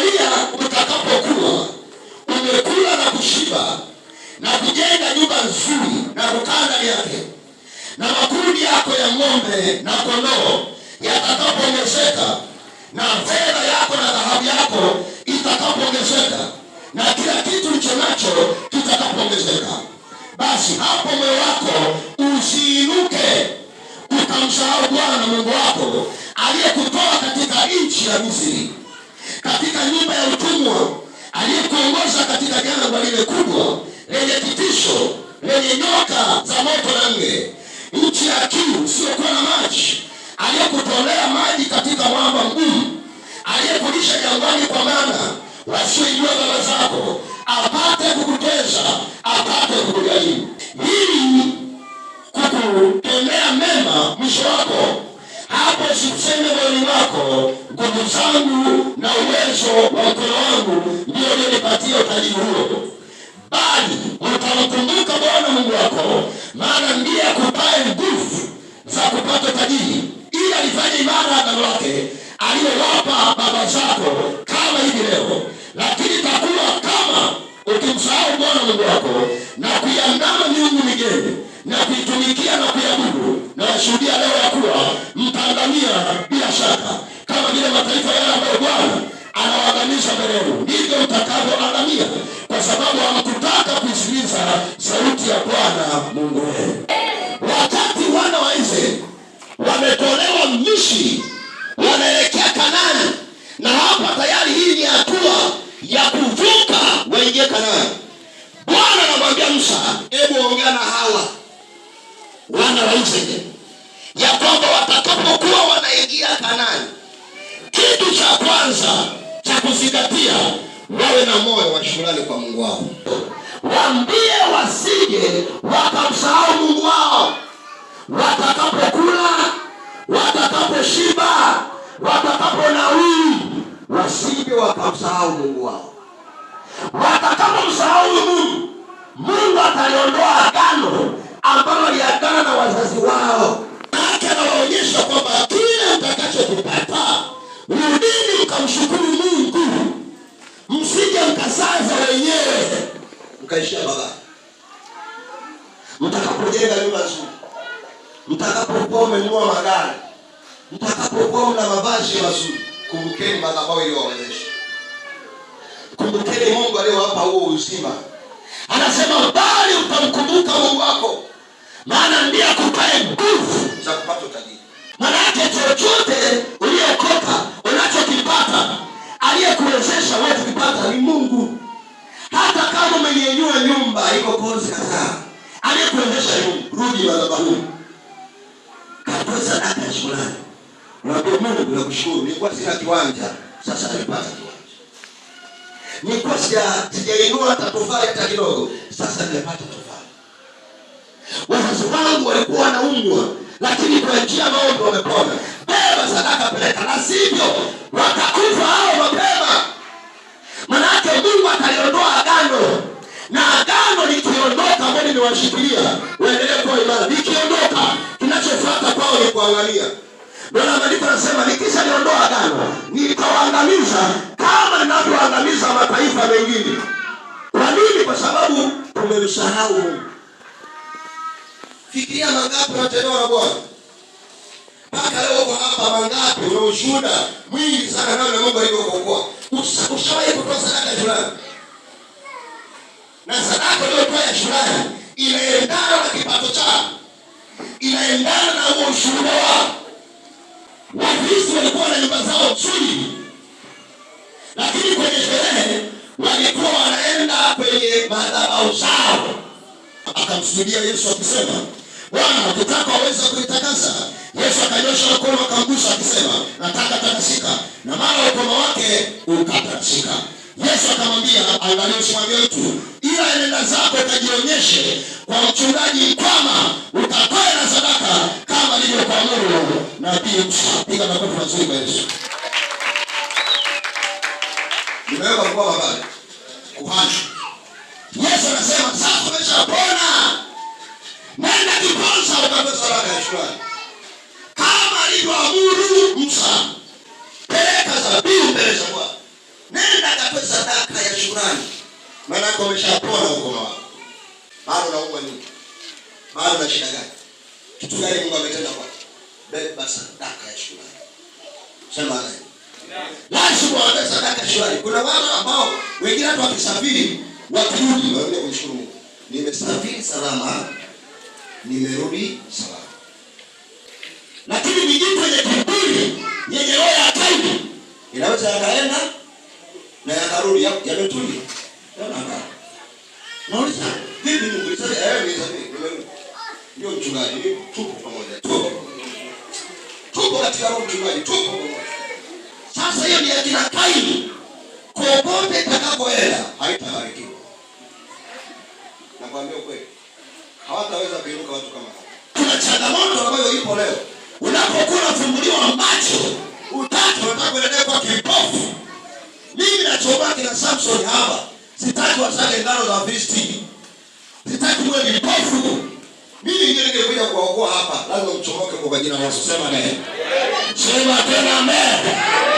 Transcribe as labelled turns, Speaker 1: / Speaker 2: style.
Speaker 1: Angalia utakapokuwa umekula na kushiba na kujenga nyumba nzuri na kukaa ndani yake, na makundi yako ya ng'ombe na kondoo yatakapoongezeka, na fedha yako na dhahabu yako itakapoongezeka, na kila kitu licho nacho kitakapoongezeka, basi hapo moyo wako usiinuke ukamsahau Bwana Mungu wako aliyekutoa katika nchi ya misiri katika nyumba ya utumwa aliyekuongoza katika jangwa lile kubwa lenye kitisho lenye nyoka za moto na nge, nchi ya kiu usiyokuwa na maji, aliyekutolea maji katika mwamba mgumu, aliyekulisha jangwani kwa mana wasioijua baba zako, apate kukuteza, apate kukugharimu, ili kukutendea mema mwisho wako nguvu zangu na uwezo wa mkono wangu ndio ulionipatia utajiri huo, bali utamkumbuka Bwana Mungu wako, maana ndiye akupaye nguvu za kupata utajiri, ili alifanya imara agano lake aliyowapa baba zako kama hivi leo. Lakini takuwa kama ukimsahau Bwana Mungu wako na kuiandama miungu migeni na kuitumikia na kuiabudu, na washuhudia leo ya kuwa mtaangamia bila shaka vile mataifa yale ambayo Bwana anawaangamiza mbele yenu, ndivyo utakavyoangamia, kwa sababu hamkutaka kuisikiliza sauti ya Bwana Mungu wenu. Wakati wana wa Israeli wametolewa Misri, wanaelekea Kanani, na hapa tayari hii ni hatua ya kuvuka waingie Kanani. Bwana anamwambia Musa, hebu ongea na hawa wana wa Israeli ya kwamba watakapokuwa wanaingia Kanani kwanza cha kuzingatia, wawe na moyo wa shukrani kwa Mungu wao, waambie wasije wakamsahau Mungu wao watakapokula, watakaposhiba, watakaponawii, wasije wakamsahau Mungu wao.
Speaker 2: mkaishia mabaya. Mtakapojenga nyumba nzuri, mtakapokuwa umenunua magari, mtakapokuwa mna mavazi mazuri, kumbukeni madhabahu iliyowawezesha. Kumbukeni Mungu aliyowapa huo uzima.
Speaker 1: Anasema bali utamkumbuka Mungu wako, maana ndiye akupaye nguvu amekuendesha hivyo, rudi madhabahuni, katoe sadaka ya shukrani, mwambie Mungu, tunakushukuru, nilikuwa sina kiwanja, sasa nimepata kiwanja, nilikuwa sijainua hata tofali hata kidogo, sasa nimepata tofali. Wazazi wangu walikuwa wanaumwa, lakini kwa njia maombi wamepona. Beba sadaka, peleka, la sivyo watakufa hao mapema, maanake Mungu ataliondoa agano na agano wakiondoka ambao nimewashikilia waendelee kuwa imara. Nikiondoka, kinachofuata kwao ni kuangalia Bwana maandiko anasema nikisha niondoa gano nitawaangamiza kama ninavyoangamiza mataifa mengine. Kwa nini? Kwa sababu tumemsahau Mungu. Fikiria mangapi unatendewa na Bwana mpaka leo uko hapa, mangapi una ushuhuda mwingi sana nao na Mungu alivyokokoa Ushawahi kutoa sadaka fulani na sadaka uliyotoa ya shukrani inaendana na kipato chako, inaendana na huo ushuhuda wao. Wafisi walikuwa na nyumba zao nzuri, lakini kwenye sherehe walikuwa wanaenda kwenye madhabahu zao. Akamsujudia Yesu akisema, Bwana, ukitaka waweza kuitakasa. Yesu akanyosha mkono akamgusa akisema, nataka takasika, na mara ukoma wake ukatakasika. Yesu akamwambia, angalia usimwambie mtu, ila enenda zako ukajionyeshe kwa mchungaji kwama utatoe na sadaka kama alivyokuamuru. Na pia piga makofi mazuri kwa Yesu.
Speaker 2: Nimeweka kwa habari
Speaker 1: kuhani. Yesu anasema sasa umeshapona, nenda kiponza ukatoe sadaka ya shukrani kama alivyoamuru Musa, peleka zabibu atoe sadaka ya shukrani, maana yake umeshapona ukoma wako. Bado naumwa nini? Bado na shida gani? Kitu gani Mungu ametenda kwa? Beba sadaka ya shukrani. Sema amen. Lazima wape sadaka ya shukrani. Kuna wale ambao wengine hata wakisafiri wakirudi waweze kumshukuru Mungu. Nimesafiri salama, nimerudi salama. Lakini miji kwenye kiburi yenye roho ya taibu
Speaker 2: inaweza akaenda Haruni yametulia. Unaona? Nauliza, vipi Mungu? Sasa eh, ni sababu. Ndio mchungaji, tupo pamoja. Tupo. Tupo katika roho mchungaji, tupo pamoja.
Speaker 1: Sasa hiyo ni akina Kaini. Kokote itakapoenda
Speaker 2: haitabarikiwa. Nakwambia ukweli. Hawataweza kuinuka watu kama hao.
Speaker 1: Kuna changamoto ambayo ipo leo. Unapokuwa unafumbuliwa macho, utatu utakwenda kwa kipofu. Usobaki na Samson hapa. Sitaki wasale ngano za Wafilisti. Sitaki mwe vipofu. Mimi ndiye ningekuja kuwaokoa hapa. Lazima mchomoke kwa jina la Yesu. Sema amen. Sema tena amen.